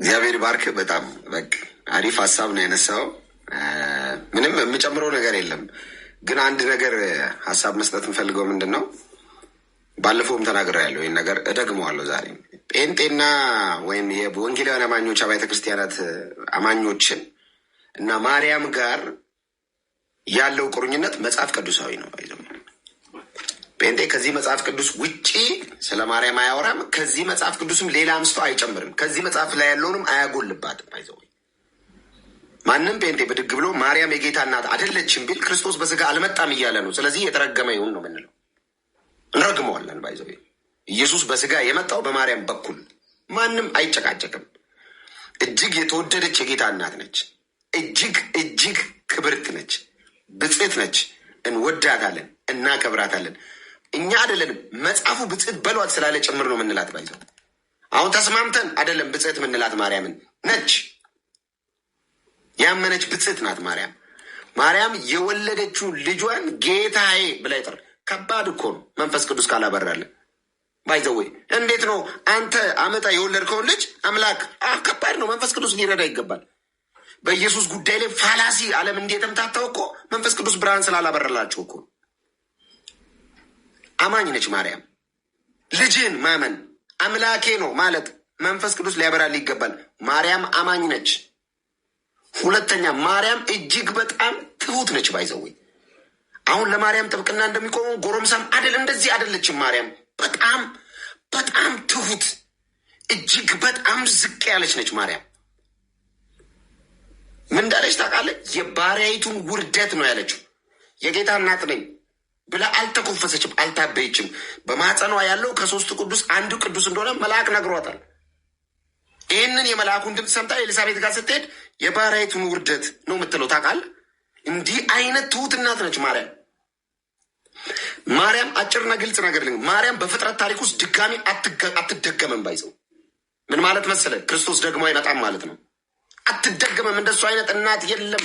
እግዚአብሔር ባርክ። በጣም በቃ አሪፍ ሀሳብ ነው ያነሳው። ምንም የምጨምረው ነገር የለም፣ ግን አንድ ነገር ሀሳብ መስጠት የምፈልገው ምንድን ነው ባለፈውም ያለው ይህን ነገር እደግመዋለሁ ዛሬ ጴንጤና ወይም ወንጌላውያን አማኞች አብያተ ክርስቲያናት አማኞችን እና ማርያም ጋር ያለው ቁርኝነት መጽሐፍ ቅዱሳዊ ነው። ጴንጤ ከዚህ መጽሐፍ ቅዱስ ውጪ ስለ ማርያም አያወራም። ከዚህ መጽሐፍ ቅዱስም ሌላ አንስቶ አይጨምርም። ከዚህ መጽሐፍ ላይ ያለውንም አያጎልባትም። አይዘው ማንም ጴንጤ ብድግ ብሎ ማርያም የጌታ እናት አይደለችም ቢል ክርስቶስ በስጋ አልመጣም እያለ ነው። ስለዚህ የተረገመ ይሁን ነው የምንለው። እንረግመዋለን። ባይዘው ኢየሱስ በስጋ የመጣው በማርያም በኩል ማንም አይጨቃጨቅም። እጅግ የተወደደች የጌታ እናት ነች። እጅግ እጅግ ክብርት ነች፣ ብጽት ነች። እንወዳታለን፣ እናከብራታለን። እኛ አይደለንም መጽሐፉ ብጽህት በሏት ስላለ ጭምር ነው የምንላት። ባይዘው አሁን ተስማምተን አይደለም ብጽት የምንላት ማርያምን ነች። ያመነች ብጽህት ናት ማርያም። ማርያም የወለደችው ልጇን ጌታዬ ብላ ይጠር። ከባድ እኮ ነው መንፈስ ቅዱስ ካላበራለን ባይዘው እንዴት ነው አንተ አመጣ የወለድከውን ልጅ አምላክ? ከባድ ነው። መንፈስ ቅዱስ ሊረዳ ይገባል። በኢየሱስ ጉዳይ ላይ ፋላሲ አለም እንደተምታታው እኮ መንፈስ ቅዱስ ብርሃን ስላላበረላቸው እኮ አማኝ ነች ማርያም። ልጅን ማመን አምላኬ ነው ማለት መንፈስ ቅዱስ ሊያበራል ይገባል። ማርያም አማኝ ነች። ሁለተኛ ማርያም እጅግ በጣም ትሁት ነች። ባይዘዌ አሁን ለማርያም ጥብቅና እንደሚቆመው ጎረምሳም አደል፣ እንደዚህ አደለችም። ማርያም በጣም በጣም ትሁት እጅግ በጣም ዝቅ ያለች ነች። ማርያም ምን እንዳለች ታውቃለች? የባሪያይቱን ውርደት ነው ያለችው። የጌታ እናት ነኝ ብላ አልተኮፈሰችም፣ አልታበየችም። በማህፀኗ ያለው ከሶስቱ ቅዱስ አንዱ ቅዱስ እንደሆነ መልአክ ነግሯታል። ይህንን የመልአኩን ድምፅ ሰምታ ኤልሳቤት ጋር ስትሄድ የባሪያይቱን ውርደት ነው የምትለው። ታቃል? እንዲህ አይነት ትሁት እናት ነች ማርያም። ማርያም አጭርና ግልጽ ነገር ልን ማርያም በፍጥረት ታሪክ ውስጥ ድጋሚ አትደገመም ባይዘው ምን ማለት መሰለ፣ ክርስቶስ ደግሞ አይመጣም ማለት ነው። አትደገመም እንደሱ አይነት እናት የለም።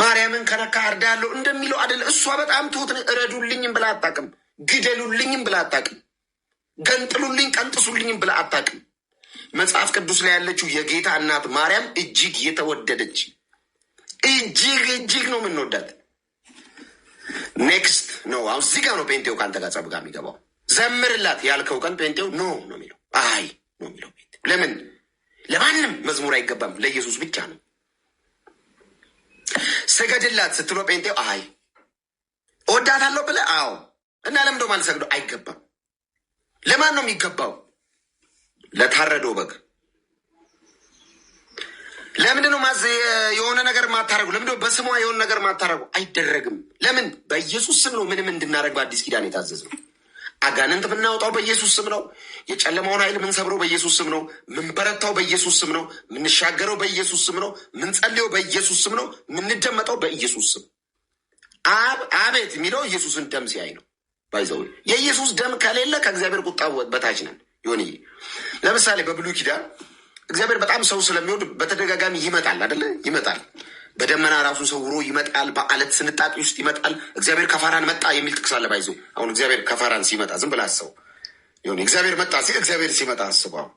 ማርያምን ከነካ አርዳለሁ እንደሚለው አደለ። እሷ በጣም ትሁት እረዱልኝም ብላ አታቅም ግደሉልኝም ብላ አታቅም፣ ገንጥሉልኝ ቀንጥሱልኝም ብላ አታቅም መጽሐፍ ቅዱስ ላይ ያለችው የጌታ እናት ማርያም እጅግ የተወደደች እጅግ እጅግ ነው የምንወዳት። ኔክስት ነው አሁን እዚህ ጋር ነው ጴንጤው ከአንተ ጋር ጸብ ጋር የሚገባው። ዘምርላት ያልከው ቀን ጴንጤው ኖ ነው የሚለው አይ ነው የሚለው። ለምን ለማንም መዝሙር አይገባም፣ ለኢየሱስ ብቻ ነው። ስገድላት ስትሎ ጴንጤው አይ እወዳታለሁ ብለህ አዎ። እና ለምዶ ማልሰግዶ አይገባም። ለማን ነው የሚገባው? ለታረደው በግ ለምንድን ነው ማዘ የሆነ ነገር ማታረጉ? ለምንድን ነው በስሟ የሆነ ነገር ማታረጉ? አይደረግም። ለምን? በኢየሱስ ስም ነው ምንም እንድናደርግ በአዲስ ኪዳን የታዘዝ ነው። አጋንንት የምናወጣው በኢየሱስ ስም ነው። የጨለማውን ኃይል ምንሰብረው በኢየሱስ ስም ነው። ምንበረታው በኢየሱስ ስም ነው። ምንሻገረው በኢየሱስ ስም ነው። ምንጸልየው በኢየሱስ ስም ነው። ምንደመጠው በኢየሱስ ስም። አብ አቤት የሚለው ኢየሱስን ደም ሲያይ ነው። ባይዘው የኢየሱስ ደም ከሌለ ከእግዚአብሔር ቁጣ በታች ነን። ይሁን ለምሳሌ በብሉይ ኪዳን እግዚአብሔር በጣም ሰው ስለሚወድ በተደጋጋሚ ይመጣል አይደለ? ይመጣል በደመና ራሱን ሰውሮ ይመጣል። በአለት ስንጣቂ ውስጥ ይመጣል። እግዚአብሔር ከፋራን መጣ የሚል ጥቅስ አለ። ባይዞ አሁን እግዚአብሔር ከፋራን ሲመጣ ዝም ብላ አስበው ሆን እግዚአብሔር መጣ ሲል እግዚአብሔር ሲመጣ አስበው አሁን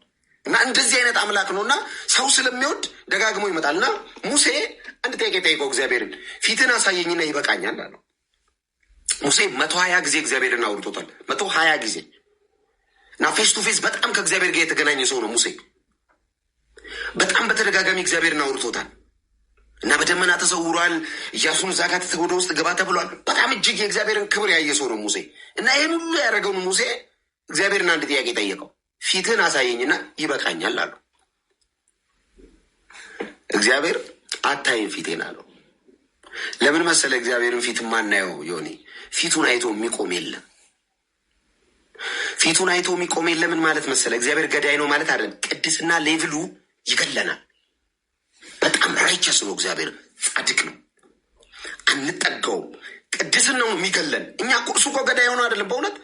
እና እንደዚህ አይነት አምላክ ነው እና ሰው ስለሚወድ ደጋግሞ ይመጣል። እና ሙሴ አንድ ጥያቄ ጠይቀው እግዚአብሔርን ፊትን አሳየኝና ይበቃኛል አለው። ሙሴ መቶ ሀያ ጊዜ እግዚአብሔርን አውርቶታል። መቶ ሀያ ጊዜ እና ፌስ ቱ ፌስ በጣም ከእግዚአብሔር ጋር የተገናኘ ሰው ነው ሙሴ። በጣም በተደጋጋሚ እግዚአብሔርን አውርቶታል። እና በደመና ተሰውሯል። እያሱን እዛ ጋር ትተህ ወደ ውስጥ ገባ ተብሏል። በጣም እጅግ የእግዚአብሔርን ክብር ያየ ሰው ነው ሙሴ። እና ይህን ሁሉ ያደረገውን ሙሴ እግዚአብሔርን አንድ ጥያቄ ጠየቀው። ፊትህን አሳየኝና ይበቃኛል አለው። እግዚአብሔር አታይም ፊቴን አለው። ለምን መሰለ እግዚአብሔርን ፊት ማናየው ዮኒ? ፊቱን አይቶ የሚቆም የለም። ፊቱን አይቶ የሚቆም የለምን ማለት መሰለ እግዚአብሔር ገዳይ ነው ማለት አይደለም። ቅድስና ሌቭሉ ይገለናል። በጣም ራይቸስ ነው። እግዚአብሔር ጻድቅ ነው፣ አንጠጋውም። ቅድስናው ነው የሚገለን። እኛ እሱ እኮ ገዳይ የሆነ አይደለም። በእውነት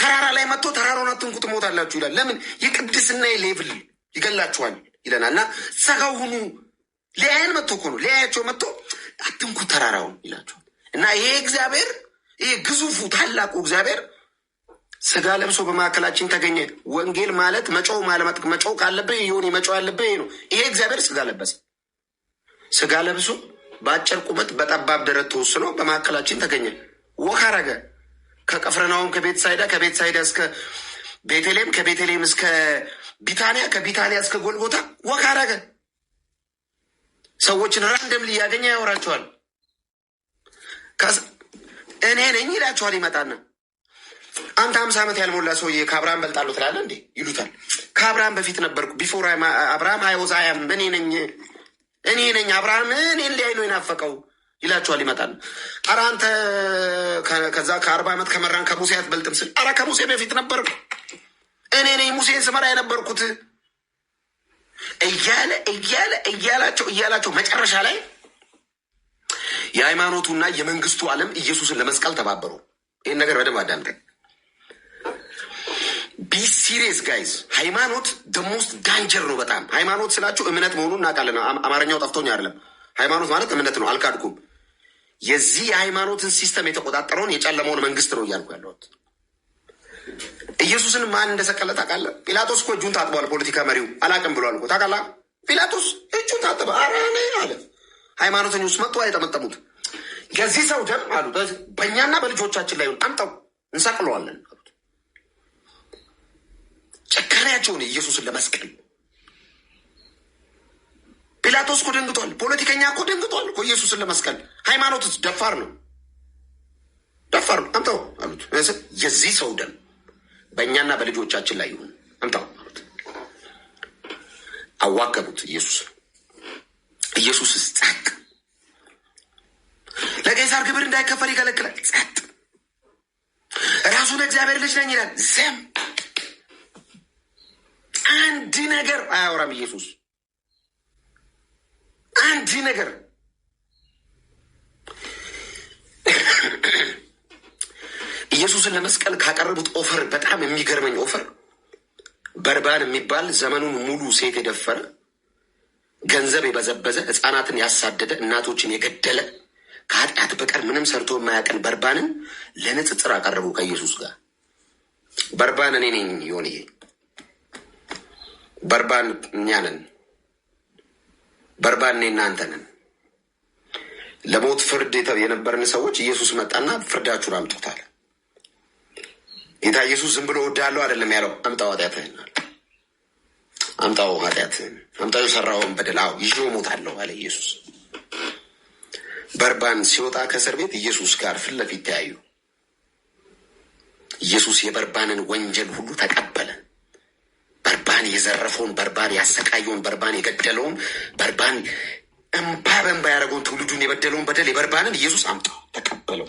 ተራራ ላይ መጥቶ ተራራውን አትንኩ ትሞታላችሁ ይላል። ለምን የቅድስና የሌብል ይገላችኋል ይለናል። እና ሰጋው ሁኑ ሊያየን መጥቶ እኮ ነው ሊያያቸው መጥቶ አትንኩ ተራራውን ይላቸዋል። እና ይሄ እግዚአብሔር ይሄ ግዙፉ ታላቁ እግዚአብሔር ስጋ ለብሶ በመካከላችን ተገኘ። ወንጌል ማለት መጮው ማለመጥ መጮው ካለብህ ይሁን መጮው ያለብህ ይሄ ነው። ይሄ እግዚአብሔር ስጋ ለበሰ። ስጋ ለብሶ በአጭር ቁመት በጠባብ ደረት ተወስኖ በመካከላችን ተገኘ። ወክ አረገ ከቀፍርናሆም ከቤተሳይዳ ከቤተሳይዳ እስከ ቤተልሔም ከቤተልሔም እስከ ቢታንያ ከቢታንያ እስከ ጎልጎታ ወክ አረገ። ሰዎችን ራንደም ሊያገኘ ያወራቸዋል። እኔ ነኝ ይላቸዋል። ይመጣና አንተ ሀምሳ ዓመት ያልሞላ ሰውዬ ከአብርሃም በልጣለሁ ትላለህ እንዴ? ይሉታል። ከአብርሃም በፊት ነበርኩ ቢፎር አብርሃም አይወዝ እኔ ነኝ እኔ ነኝ አብርሃም እኔን ሊያይ ነው የናፈቀው ይላቸዋል። ይመጣል። አረ አንተ ከዛ ከአርባ ዓመት ከመራን ከሙሴ አትበልጥም ስል ኧረ ከሙሴ በፊት ነበር እኔ ነኝ ሙሴን ስመራ የነበርኩት እያለ እያለ እያላቸው እያላቸው መጨረሻ ላይ የሃይማኖቱና የመንግስቱ ዓለም ኢየሱስን ለመስቀል ተባበሩ። ይህን ነገር በደንብ አዳምጠኝ። ቢ ሲሪየስ ጋይዝ። ሃይማኖት ደሞስት ዳንጀር ነው በጣም ሃይማኖት ስላችሁ እምነት መሆኑን እናውቃለን። አማርኛው ጠፍቶኝ አይደለም። ሃይማኖት ማለት እምነት ነው፣ አልካድኩም። የዚህ የሃይማኖትን ሲስተም የተቆጣጠረውን የጨለመውን መንግስት ነው እያልኩ ያለሁት። ኢየሱስን ማን እንደሰቀለ ታውቃለህ? ጲላጦስ እኮ እጁን ታጥቧል። ፖለቲካ መሪው አላቅም ብሏል እኮ ታውቃለህ? ጲላጦስ እጁን ታጥበ አራኔ አለ። ሃይማኖተኞች መጥቶ የጠመጠሙት የዚህ ሰው ደም አሉ በእኛና በልጆቻችን ላይ አንጠው እንሰቅለዋለን ጨካሪያቸው ነው ኢየሱስን ለመስቀል። ጲላጦስ እኮ ደንግቷል። ፖለቲከኛ እኮ ደንግቷል እኮ ኢየሱስን ለመስቀል። ሃይማኖት ደፋር ነው፣ ደፋር ነው። አምጣው አሉት። የዚህ ሰው ደም በእኛና በልጆቻችን ላይ ይሁን፣ አምጣው አሉት። አዋከቡት ኢየሱስ ኢየሱስ ጸጥ። ለቄሳር ግብር እንዳይከፈል ይከለክላል፣ ጸጥ። ራሱን እግዚአብሔር ልጅ ነኝ ይላል፣ ዘም አንድ ነገር አያወራም ኢየሱስ አንድ ነገር ኢየሱስን ለመስቀል ካቀረቡት ኦፈር በጣም የሚገርመኝ ኦፈር በርባን የሚባል ዘመኑን ሙሉ ሴት የደፈረ ገንዘብ የበዘበዘ ህፃናትን ያሳደደ እናቶችን የገደለ ከኃጢአት በቀር ምንም ሰርቶ የማያቀን በርባንን ለንጽጽር አቀረቡ ከኢየሱስ ጋር። በርባን እኔ ነኝ ይሆን በርባን እኛ ነን። በርባን እኔ እናንተ ነን። ለሞት ፍርድ የነበርን ሰዎች ኢየሱስ መጣና ፍርዳችሁን አምጡታል። ጌታ ኢየሱስ ዝም ብሎ እወድሃለሁ አይደለም ያለው። አምጣው ኃጢአትህን አለ። አምጣው ኃጢአትህን፣ አምጣው የሰራውን በደል። አዎ ይዤው እሞታለሁ አለ ኢየሱስ። በርባን ሲወጣ ከእስር ቤት ኢየሱስ ጋር ፊት ለፊት ተያዩ። ኢየሱስ የበርባንን ወንጀል ሁሉ ተቀበለ። በርባን የዘረፈውን፣ በርባን ያሰቃየውን፣ በርባን የገደለውን፣ በርባን እምባ በእምባ ያደረገውን ትውልዱን የበደለውን በደል የበርባንን ኢየሱስ አምጣው ተቀበለው።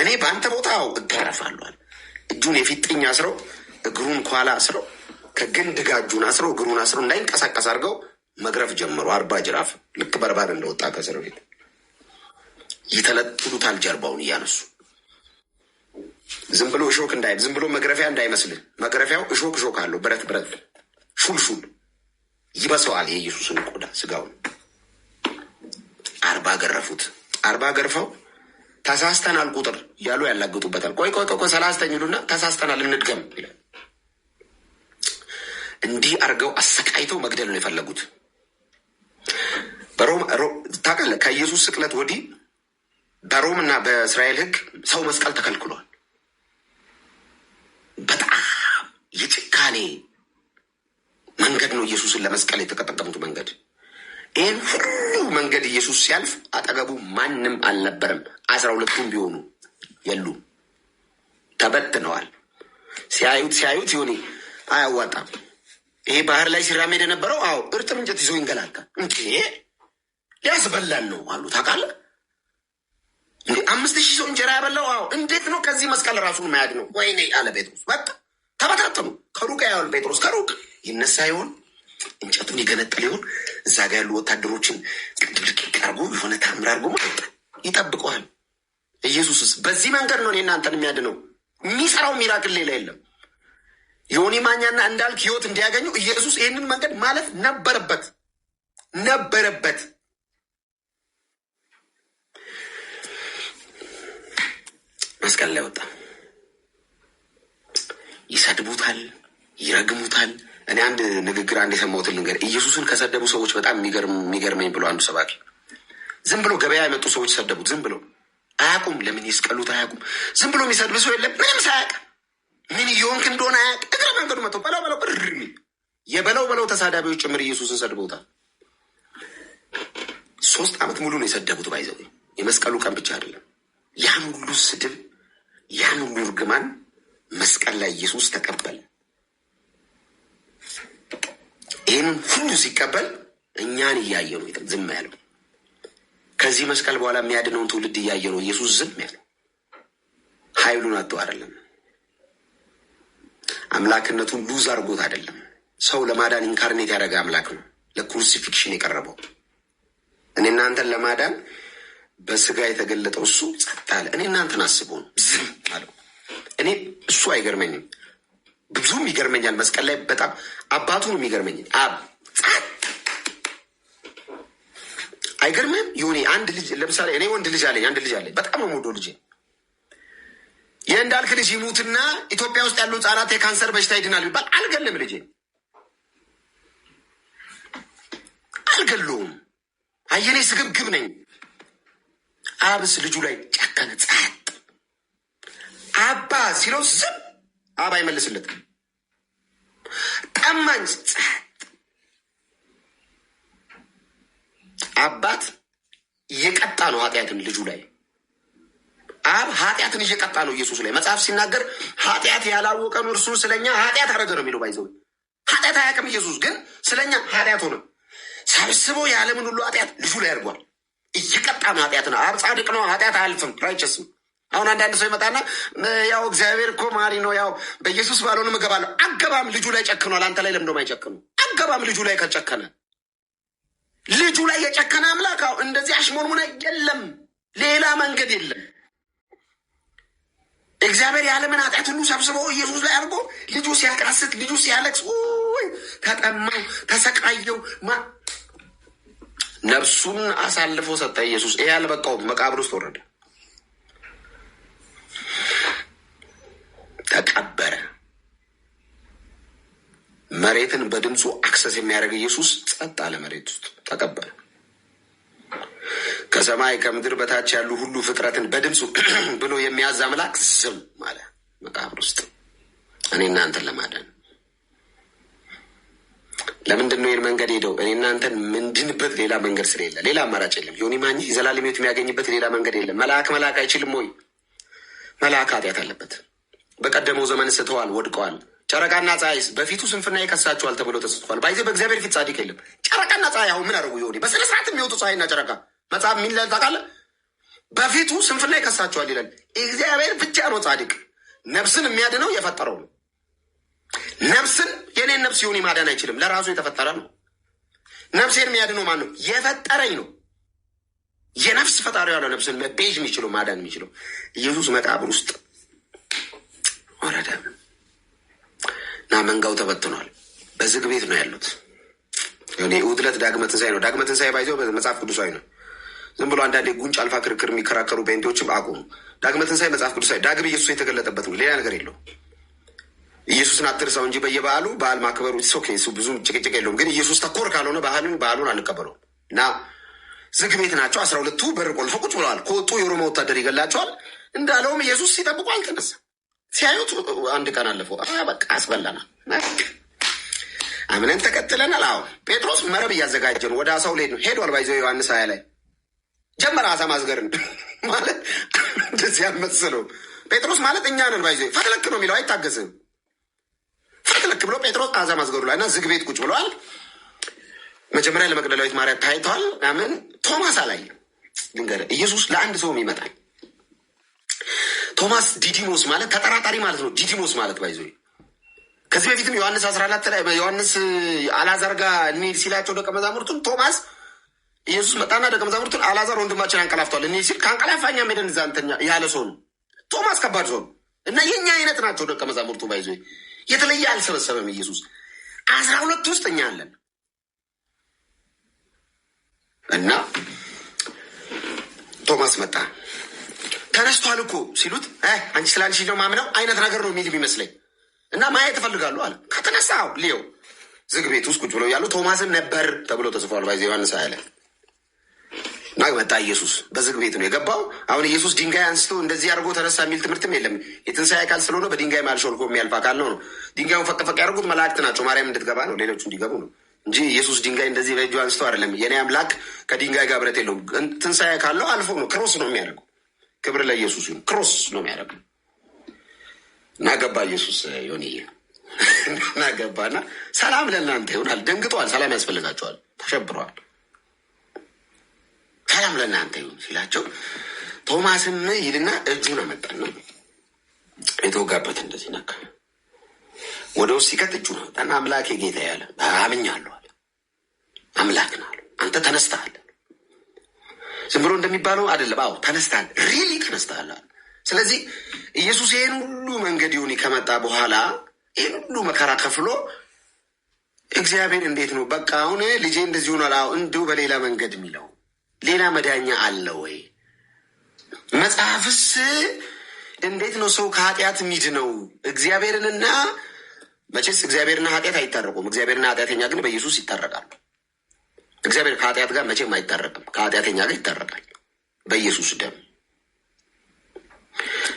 እኔ በአንተ ቦታ እገረፋለሁ። እጁን የፊጥኝ አስረው እግሩን ኳላ አስረው ከግንድ ጋር እጁን አስረው እግሩን አስረው እንዳይንቀሳቀስ አድርገው መግረፍ ጀመሩ። አርባ ጅራፍ ልክ በርባን እንደወጣ ከእስር ቤት ይተለጥሉታል። ጀርባውን እያነሱ ዝም ብሎ እሾክ እንዳይ ዝም ብሎ መግረፊያ እንዳይመስልን መግረፊያው እሾክ እሾክ አለው ብረት ብረት ፉልፉል ይበሰዋል። የኢየሱስን ቆዳ ስጋውን አርባ ገረፉት። አርባ ገርፈው ተሳስተናል ቁጥር ያሉ ያላግጡበታል። ቆይ ቆይ ቆይ ሰላስተኝ ይሉና ተሳስተናል እንድገም ይላል። እንዲህ አርገው አሰቃይተው መግደል ነው የፈለጉት። በሮም ታውቃለህ፣ ከኢየሱስ ስቅለት ወዲህ በሮም እና በእስራኤል ሕግ ሰው መስቀል ተከልክሏል። በጣም የጭካኔ መንገድ ነው ኢየሱስን ለመስቀል የተቀጠቀሙት መንገድ። ይህን ሁሉ መንገድ ኢየሱስ ሲያልፍ አጠገቡ ማንም አልነበረም። አስራ ሁለቱም ቢሆኑ የሉም፣ ተበትነዋል። ሲያዩት ሲያዩት ይሆኔ አያዋጣም። ይሄ ባህር ላይ ሲራመድ የነበረው አዎ እርጥብ እንጨት ይዞ ይንገላታል። እንዴ ሊያስበላን ነው አሉ። ታውቃለህ አምስት ሺህ ሰው እንጀራ ያበላው አዎ። እንዴት ነው ከዚህ መስቀል ራሱን ማያድ ነው? ወይኔ አለ ጴጥሮስ። በቃ ተበታተኑ። ከሩቅ ያየዋል ጴጥሮስ ከሩቅ ይነሳ ይሆን? እንጨቱን ይገነጥል ይሆን? እዛ ጋ ያሉ ወታደሮችን ድብልቅ አርጎ የሆነ ታምር አርጎ ይጠብቀዋል። ኢየሱስስ በዚህ መንገድ ነው እናንተን የሚያድነው። የሚሰራው ሚራክል ሌላ የለም። ዮኒ ማኛና እንዳልክ ህይወት እንዲያገኙ ኢየሱስ ይህንን መንገድ ማለፍ ነበረበት ነበረበት። መስቀል ላይ ወጣ። ይሰድቡታል፣ ይረግሙታል እኔ አንድ ንግግር አንድ የሰማሁትን ልንገር። ኢየሱስን ከሰደቡ ሰዎች በጣም የሚገርመኝ ብሎ አንዱ ሰባኪ ዝም ብሎ ገበያ የመጡ ሰዎች ሰደቡት። ዝም ብሎ አያውቁም፣ ለምን ይስቀሉት አያውቁም። ዝም ብሎ የሚሰድብ ሰው የለም፣ ምንም ሳያውቅ ምን እየሆንክ እንደሆነ አያውቅ። እግረ መንገዱ መጥቶ በለው በለው ብር የሚል የበለው በለው ተሳዳቢዎች ጭምር ኢየሱስን ሰድበውታል። ሶስት ዓመት ሙሉ ነው የሰደቡት። ባይዘው የመስቀሉ ቀን ብቻ አይደለም። ያን ሁሉ ስድብ፣ ያን ሁሉ እርግማን መስቀል ላይ ኢየሱስ ተቀበለ። ይህን ሁሉ ሲቀበል እኛን እያየ ነው ዝም ያለው። ከዚህ መስቀል በኋላ የሚያድነውን ትውልድ እያየ ነው ኢየሱስ ዝም ያለው። ኃይሉን አጥቶ አይደለም፣ አምላክነቱን ሉዝ አድርጎት አይደለም። ሰው ለማዳን ኢንካርኔት ያደረገ አምላክ ነው። ለክሩሲፊክሽን የቀረበው እኔ እናንተን ለማዳን በስጋ የተገለጠው እሱ ጸጥ አለ። እኔ እናንተን አስበው ነው ዝም አለው። እኔ እሱ አይገርመኝም። ብዙም ይገርመኛል። መስቀል ላይ በጣም አባቱ ነው የሚገርመኝ። አብ አይገርምም? ይሁኔ አንድ ልጅ ለምሳሌ እኔ ወንድ ልጅ አለኝ፣ አንድ ልጅ አለኝ። በጣም ነው የምወደው ልጄ። የእንዳልክ ልጅ ይሙትና ኢትዮጵያ ውስጥ ያሉ ህጻናት የካንሰር በሽታ ይድናል ይባል፣ አልገልም። ልጅ አልገለውም። አየኔ ስግብግብ ነኝ። አብስ ልጁ ላይ ጨከነ። ጸጥ አባ ሲለው ዝም አብ ይመልስለት ጠማኝ አባት እየቀጣ ነው ኃጢአትን ልጁ ላይ አብ ኃጢአትን እየቀጣ ነው ኢየሱስ ላይ መጽሐፍ ሲናገር ኃጢአት ያላወቀን እርሱ ስለኛ ኃጢአት አደረገ ነው የሚለው ባይዘው ኃጢአት አያውቅም ኢየሱስ ግን ስለኛ ኃጢአት ሆነ ሰብስቦ የዓለምን ሁሉ ኃጢአት ልጁ ላይ አድርጓል እየቀጣ ነው ኃጢአት ነው አብ ጻድቅ ነው ኃጢአት አያልፍም ራይቸስም አሁን አንዳንድ ሰው ይመጣና ያው እግዚአብሔር እኮ ማሪ ነው፣ ያው በኢየሱስ ባልሆንም እገባለሁ። አገባም ልጁ ላይ ጨክኗል። አንተ ላይ ለምደውም አይጨክኑ። አገባም ልጁ ላይ ከጨከነ ልጁ ላይ የጨከነ አምላክ አሁን እንደዚህ አሽሞንሙና የለም፣ ሌላ መንገድ የለም። እግዚአብሔር የዓለምን ኃጢአት ሁሉ ሰብስቦ ኢየሱስ ላይ አድርጎ ልጁ ሲያቃስት፣ ልጁ ሲያለቅስ፣ ተጠማው፣ ተሰቃየው ነፍሱን አሳልፎ ሰጠ ኢየሱስ። ይሄ አልበቃውም፣ መቃብር ውስጥ ወረደ። ተቀበረ። መሬትን በድምፁ አክሰስ የሚያደርግ ኢየሱስ ጸጥ አለ። መሬት ውስጥ ተቀበረ። ከሰማይ ከምድር በታች ያሉ ሁሉ ፍጥረትን በድምፁ ብሎ የሚያዝ አምላክ ዝም አለ። መቃብር ውስጥ እኔ እናንተን ለማዳን ለምንድን ነው ይህን መንገድ ሄደው እኔ እናንተን ምንድንበት? ሌላ መንገድ ስለሌለ ሌላ አማራጭ የለም። ዮኒ ማኝ የዘላለም ሕይወት የሚያገኝበት ሌላ መንገድ የለም። መልአክ መልአክ አይችልም ወይ? መልአክ ኃጢአት አለበት። በቀደመው ዘመን ስተዋል፣ ወድቀዋል። ጨረቃና ፀሐይስ በፊቱ ስንፍና ይከሳቸዋል ተብሎ ተሰጥቷል። ባይዘ በእግዚአብሔር ፊት ጻድቅ የለም። ጨረቃና ፀሐይ አሁን ምን አደረጉ? ይሆኔ በስነ ስርዓት የሚወጡ ፀሐይና ጨረቃ መጽሐፍ ሚን በፊቱ ስንፍና ይከሳቸዋል ይላል። እግዚአብሔር ብቻ ነው ጻድቅ። ነፍስን የሚያድነው የፈጠረው ነው። ነፍስን የኔን ነፍስ ይሁን ማዳን አይችልም። ለራሱ የተፈጠረ ነው። ነፍሴን የሚያድነው ማን ነው? የፈጠረኝ ነው። የነፍስ ፈጣሪ ያለው ነፍስን መቤዥ የሚችለው ማዳን የሚችለው ኢየሱስ መቃብር ውስጥ ወረደ እና መንጋው ተበትኗል። በዝግ ቤት ነው ያሉት። እሑድ ዕለት ዳግመ ትንሣኤ ነው። ዳግመ ትንሣኤ ባይዘው መጽሐፍ ቅዱሳዊ ነው። ዝም ብሎ አንዳንዴ ጉንጭ አልፋ ክርክር የሚከራከሩ ጴንጤዎችም አቁሙ። ዳግመ ትንሣኤ መጽሐፍ ቅዱሳዊ ዳግም ኢየሱስ የተገለጠበት ነው። ሌላ ነገር የለው። ኢየሱስን አትርሳው እንጂ በየበዓሉ በዓል ማክበሩ ኦኬ፣ ብዙ ጭቅጭቅ የለውም። ግን ኢየሱስ ተኮር ካልሆነ ባህልን በዓሉን አንቀበለውም እና ዝግ ቤት ናቸው። አስራ ሁለቱ በር ቆልፈው ቁጭ ብለዋል። ከወጡ የሮማ ወታደር ይገላቸዋል። እንዳለውም ኢየሱስ ሲጠብቁ አልተነሳም። ሲያዩት አንድ ቀን አለፈው። በቃ አስበላናል። አምነን ተከትለናል። አሁ ጴጥሮስ መረብ እያዘጋጀ ነው። ወደ አሳው ልሄድ ነው። ሄዷል። ባይዞ ዮሐንስ ሀያ ላይ ጀመረ አሳ ማስገር ማለት እንደዚህ ያልመሰለው ጴጥሮስ ማለት እኛ ነን። ባይዘ ፈትለክ ነው የሚለው አይታገስም። ፈትለክ ብሎ ጴጥሮስ አሳ ማስገሩ ላይ እና ዝግ ቤት ቁጭ ብለዋል። መጀመሪያ ለመቅደላዊት ማርያም ታይተዋል። ምን ቶማስ አላየ ድንገር ኢየሱስ ለአንድ ሰውም ይመጣል ቶማስ ዲዲሞስ ማለት ተጠራጣሪ ማለት ነው። ዲዲሞስ ማለት ባይዞ ከዚህ በፊትም ዮሐንስ አስራ አራት ላይ ዮሐንስ አላዛር ጋር እንሂድ ሲላቸው ደቀ መዛሙርቱን ቶማስ ኢየሱስ መጣና ደቀ መዛሙርቱን አላዛር ወንድማችን አንቀላፍቷል እንሂድ ሲል ከአንቀላፋኛ ሄደን ዛንተኛ ያለ ሰው ነው ቶማስ። ከባድ ሰው እና የእኛ አይነት ናቸው ደቀ መዛሙርቱ ባይዞ የተለየ አልሰበሰበም ኢየሱስ። አስራ ሁለት ውስጥ እኛ አለን እና ቶማስ መጣ። ተነስቷል እኮ ሲሉት አንቺ ስላልሽ ነው ማምነው አይነት ነገር ነው የሚል ይመስለኝ እና ማየት እፈልጋለሁ አለ። ከተነሳው ሊየው ዝግ ቤት ውስጥ ቁጭ ብለው ያሉ ቶማስን ነበር ተብሎ ተጽፏል። ባይዜ ዮሐንስ ያለ እና መጣ ኢየሱስ በዝግ ቤት ነው የገባው። አሁን ኢየሱስ ድንጋይ አንስቶ እንደዚህ አድርጎ ተነሳ የሚል ትምህርትም የለም። የትንሣኤ አካል ስለሆነ በድንጋይ ማል ሾልኮ የሚያልፍ አካል ነው ነው። ድንጋዩን ፈቀፈቅ ያደርጉት መላእክት ናቸው። ማርያም እንድትገባ ነው፣ ሌሎቹ እንዲገቡ ነው እንጂ ኢየሱስ ድንጋይ እንደዚህ በእጁ አንስቶ አይደለም። የኔ አምላክ ከድንጋይ ጋር ብረት የለውም። ትንሣኤ ካለው አልፎ ነው ክሮስ ነው የሚያደርገው ክብር ለኢየሱስ ይሁን። ክሮስ ነው የሚያደርገው እና ገባ ኢየሱስ ዮኒ እና ገባና ሰላም ለእናንተ ይሆናል። ደንግጠዋል። ሰላም ያስፈልጋቸዋል። ተሸብረዋል። ሰላም ለእናንተ ይሁን ሲላቸው ቶማስም ይልና እጁን አመጣና የተወጋበት እንደዚህ ነ ወደ ውስጥ ሲከት እጁን አመጣና አምላክ ጌታ ያለ አምኛለሁ አለ። አምላክ ነው አለ። አንተ ተነስተሃል ዝም ብሎ እንደሚባለው አይደለም። አዎ ተነስታል፣ ሪሊ ተነስታል። ስለዚህ ኢየሱስ ይህን ሁሉ መንገድ ይሁኔ ከመጣ በኋላ ይህን ሁሉ መከራ ከፍሎ እግዚአብሔር እንዴት ነው በቃ አሁን ልጄ እንደዚህ ሆኗል፣ አዎ እንዲሁ በሌላ መንገድ የሚለው ሌላ መዳኛ አለ ወይ? መጽሐፍስ እንዴት ነው ሰው ከኃጢአት ሚድ ነው? እግዚአብሔርንና መቼስ እግዚአብሔርና ኃጢአት አይታረቁም። እግዚአብሔርና ኃጢአተኛ ግን በኢየሱስ ይታረቃሉ። እግዚአብሔር ከኃጢአት ጋር መቼም አይታረቅም። ከኃጢአተኛ ጋር ይታረቃል በኢየሱስ ደም።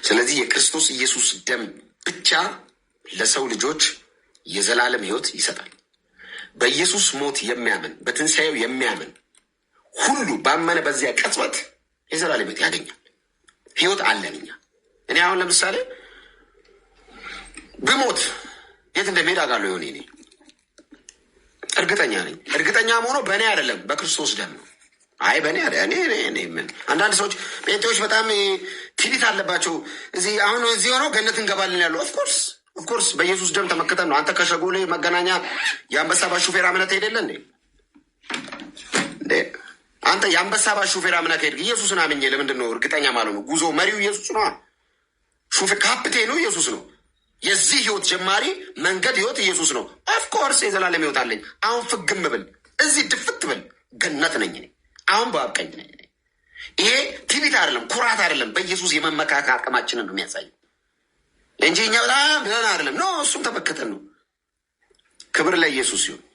ስለዚህ የክርስቶስ ኢየሱስ ደም ብቻ ለሰው ልጆች የዘላለም ሕይወት ይሰጣል። በኢየሱስ ሞት የሚያምን በትንሣኤው የሚያምን ሁሉ ባመነ በዚያ ቅጽበት የዘላለም ሕይወት ያገኛል። ሕይወት አለን እኛ። እኔ አሁን ለምሳሌ ብሞት የት እንደሚሄድ አውቃለሁ። የሆነ እኔ እርግጠኛ ነኝ። እርግጠኛ መሆኖ በእኔ አይደለም በክርስቶስ ደም ነው። አይ በእኔ እኔ እኔ ምን አንዳንድ ሰዎች ጴንጤዎች በጣም ትዕቢት አለባቸው። እዚህ አሁን እዚህ ሆነው ገነት እንገባለን ያሉ ኦፍኮርስ ኦፍኮርስ በኢየሱስ ደም ተመክተን ነው። አንተ ከሸጎሌ መገናኛ የአንበሳ ባስ ሹፌር አምነት ሄደለ እንዴ? አንተ የአንበሳ ባስ ሹፌር አምነት ሄድ ኢየሱስን አምኜ ለምንድን ነው እርግጠኛ ማለት ነው? ጉዞ መሪው ኢየሱስ ነው። ካፕቴኑ ኢየሱስ ነው። የዚህ ህይወት ጀማሪ መንገድ ህይወት ኢየሱስ ነው። ኦፍኮርስ የዘላለም ህይወት አለኝ። አሁን ፍግም ብል እዚህ ድፍት ብል ገነት ነኝ እኔ አሁን በአብ ነኝ። ይሄ ትቢት አይደለም፣ ኩራት አይደለም። በኢየሱስ የመመካካ አቅማችንን ነው የሚያሳየው እንጂ እኛ በጣም ብለን አይደለም። ኖ እሱም ተመከተን ነው። ክብር ለኢየሱስ ይሁን።